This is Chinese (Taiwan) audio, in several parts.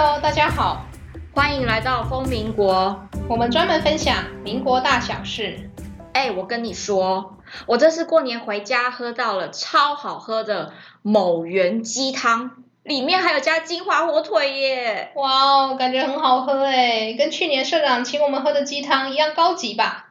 Hello，大家好，歡迎來到瘋民國。我們專門分享民國大小事。哎，我跟你說，我這次過年回家喝到了超好喝的某源雞湯，裡面還有加金華火腿耶！哇哦，感覺很好喝耶！跟去年社長請我們喝的雞湯一樣高級吧？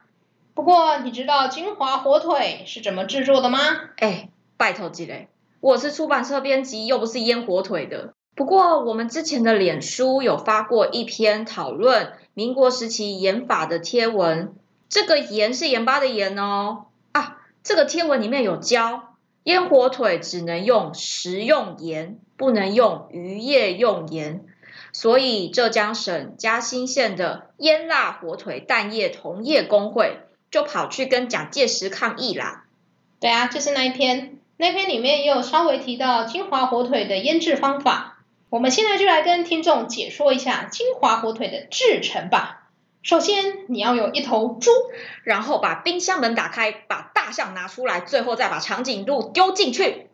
不過你知道金華火腿是怎麼製作的嗎？哎，拜託雞肋，我是出版社編輯，又不是醃火腿的。不過，我們之前的臉書有發過一篇討論民國時期鹽法的貼文，這個鹽是鹽巴的鹽哦啊！這個貼文裡面有教醃火腿只能用食用鹽，不能用漁業用鹽，所以浙江省嘉興縣的醃臘火腿蛋液同業公會就跑去跟蔣介石抗議啦。對啊，就是那一篇，那篇裡面也有稍微提到金華火腿的醃制方法。我們現在就來跟聽眾解說一下金華火腿的製程吧。首先，你要有一頭豬，然後把冰箱門打開，把大象拿出來，最後再把長頸鹿丟進去。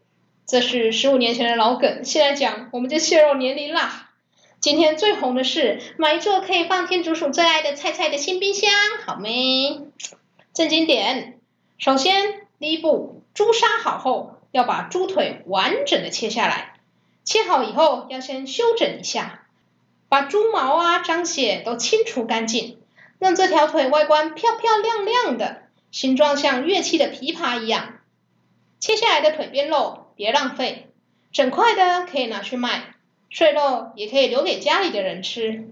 這是十五年前的老梗，現在講我們就泄露年齡啦。今天最紅的是買一座可以放天竺鼠最愛的菜菜的新冰箱，好沒？正經點。首先，第一步，豬殺好後，要把豬腿完整的切下來。切好以後，要先修整一下，把豬毛啊、髒血都清除乾淨，讓這條腿外觀漂漂亮亮的，形狀像樂器的琵琶一樣。切下來的腿邊肉別浪費，整塊的可以拿去賣，碎肉也可以留給家裡的人吃。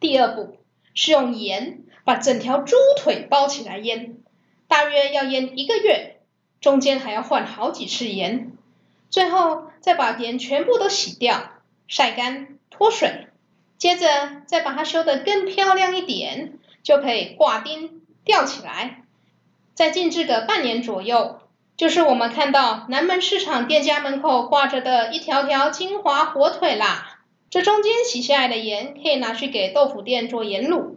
第二步是用鹽把整條豬腿包起來醃，大約要醃一個月，中間還要換好幾次鹽。最後再把鹽全部都洗掉、曬乾、脫水，接着再把它修得更漂亮一點，就可以掛釘吊起來，再靜置個半年左右，就是我們看到南門市場店家門口掛着的一條條金華火腿啦。這中間洗下來的鹽可以拿去給豆腐店做鹽鹵，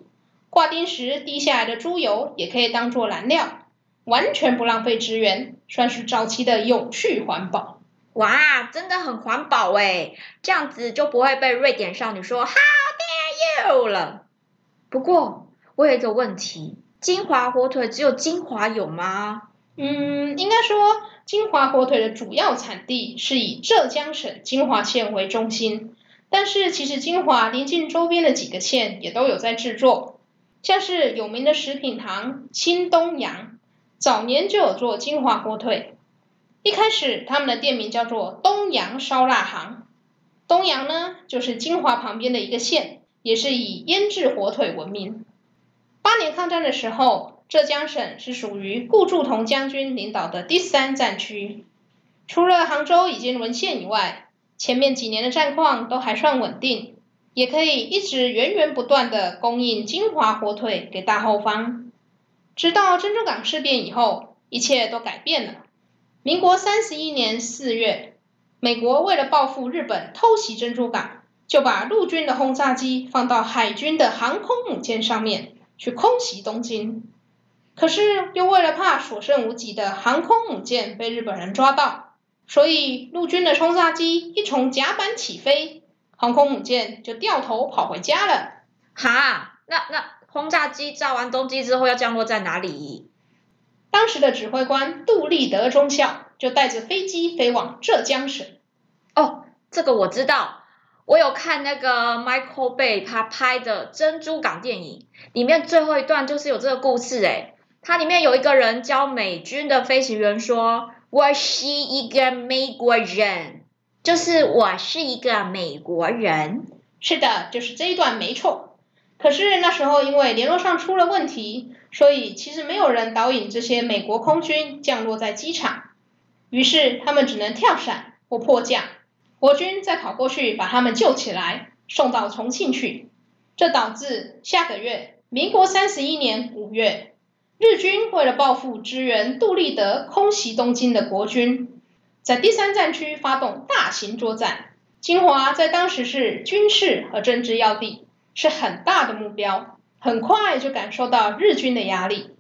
掛釘時滴下來的豬油也可以當做燃料，完全不浪費資源，算是早期的永續環保。哇，真的很環保哎、欸！這樣子就不會被瑞典少女說 “how dare you” 了。不過，我有一個問題：金華火腿只有金華有嗎？嗯，應該說金華火腿的主要產地是以浙江省金華縣為中心，但是其實金華臨近周邊的幾個縣也都有在制作，像是有名的食品廠新東陽，早年就有做金華火腿。一開始，他們的店名叫做東陽燒臘行。東陽呢，就是金華旁邊的一個縣，也是以醃製火腿聞名。八年抗戰的時候，浙江省是屬於顧祝同將軍領導的第三戰區。除了杭州已經淪陷以外，前面幾年的戰況都還算穩定，也可以一直源源不斷地供應金華火腿給大後方。直到珍珠港事變以後，一切都改變了。民國三十一年四月，美國為了報復日本偷襲珍珠港，就把陸軍的轟炸機放到海軍的航空母艦上面去空襲東京。可是又為了怕所剩無幾的航空母艦被日本人抓到，所以陸軍的轟炸機一從甲板起飛，航空母艦就掉頭跑回家了。哈，那那轟炸機炸完東京之後要降落在哪裡？當時的指揮官杜立德中校就帶着飛機飛往浙江省。哦，這個我知道，我有看那個 Michael Bay 他拍的《珍珠港》電影，裡面最後一段就是有這個故事誒、欸，它裡面有一個人教美軍的飛行員說：“我是一個美國人，就是我是一個美國人。”是的，就是這一段沒錯。可是那時候因為聯絡上出了問題，所以其實沒有人導引這些美國空軍降落在機場，於是他們只能跳傘或迫降，國軍再跑過去把他們救起來送到重慶去。這導致下個月，民國三十一年五月，日軍為了報復支援杜立德空襲東京的國軍，在第三戰區發動大型作戰。金華在當時是軍事和政治要地。是很大的目標，很快就感受到日軍的壓力，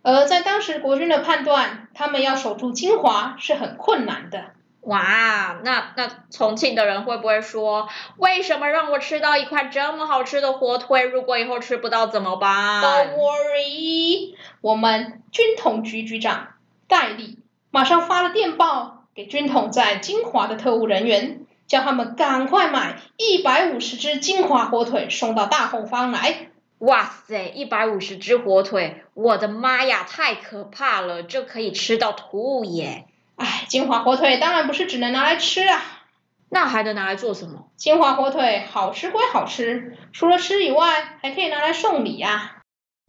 而在當時國軍的判斷，他們要守住金華是很困難的。哇，那那重慶的人會不會說，為什麼讓我吃到一塊這麼好吃的火腿？如果以後吃不到怎麼辦？Don't worry，我們軍統局局長戴笠馬上發了電報給軍統在金華的特務人員。叫他們趕快買一百五十隻金華火腿送到大後方來！哇塞，一百五十隻火腿，我的媽呀，太可怕了！這可以吃到吐耶！哎，金華火腿當然不是只能拿來吃啊，那還能拿來做什麼？金華火腿好吃歸好吃，除了吃以外，還可以拿來送禮啊。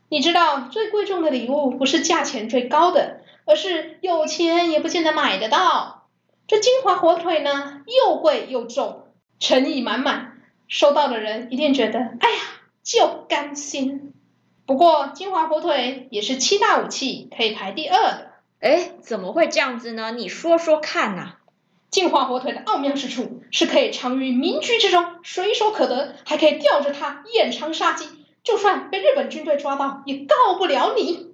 你知道最貴重的禮物不是價錢最高的，而是有錢也不見得買得到。這金華火腿呢，又貴又重，誠意滿滿，收到的人一定覺得哎呀，就甘心。不過金華火腿也是七大武器可以排第二的。哎，怎麼會這樣子呢？你說說看吶、啊！金華火腿的奧妙之處是可以藏於民居之中，隨手可得，還可以吊着它暗藏殺機，就算被日本軍隊抓到，也告不了你。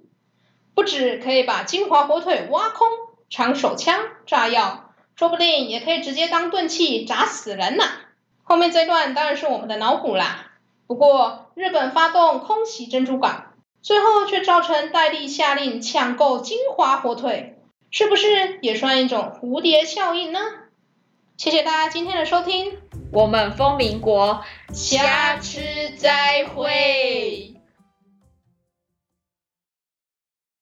不止可以把金華火腿挖空，藏手槍、炸藥。說不定也可以直接當鈍器砸死人呢，啊。後面這段當然是我們的腦補啦。不過日本發動空襲珍珠港，最後卻造成戴笠下令搶購金華火腿，是不是也算一種蝴蝶效應呢？謝謝大家今天的收聽，我們瘋民國，下次再會。